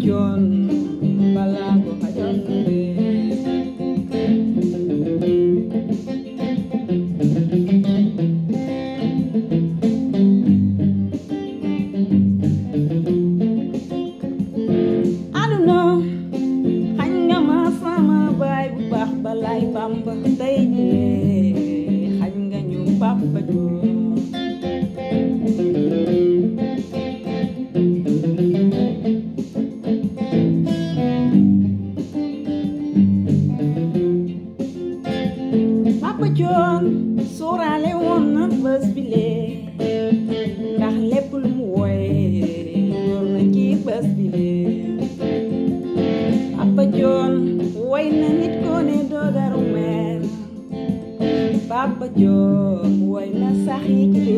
joon balaa ko xajoon aduna xañ nga ma sama bu baax balaay bamba tey jii xañ nga ñu Papa Joon wàccoon sóoraale woon na bés bile ndax lépp wooye wóor na ci bés bile Papa Joon woy na nit koo ne doogaru meer Papa Joon na sax yi ci